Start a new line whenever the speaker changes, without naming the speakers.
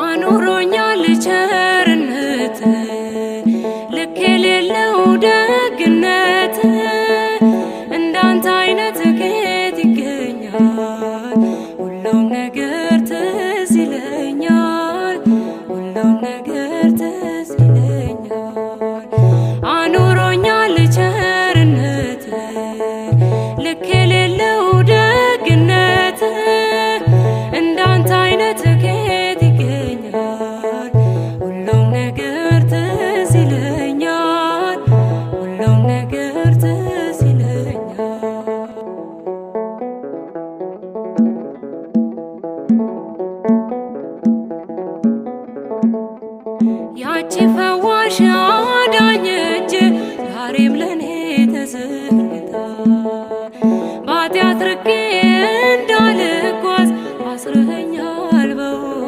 አኑሮኛል ቸርነት ልክ የሌለው ደግነት እንዳንተ አይነት ከየት ይገኛል? ሁሉም ነገር ትዝ ይለኛል፣ ሁሉም ነገር ትዝ ይለኛል። አኑሮኛል ቸርነት ልክ የሌለው
ፈዋሽ አዳኝ እጅ ዛሬም ለኔ ተዘርግታ ርቄ እንዳልጓዝ አስረኸኝ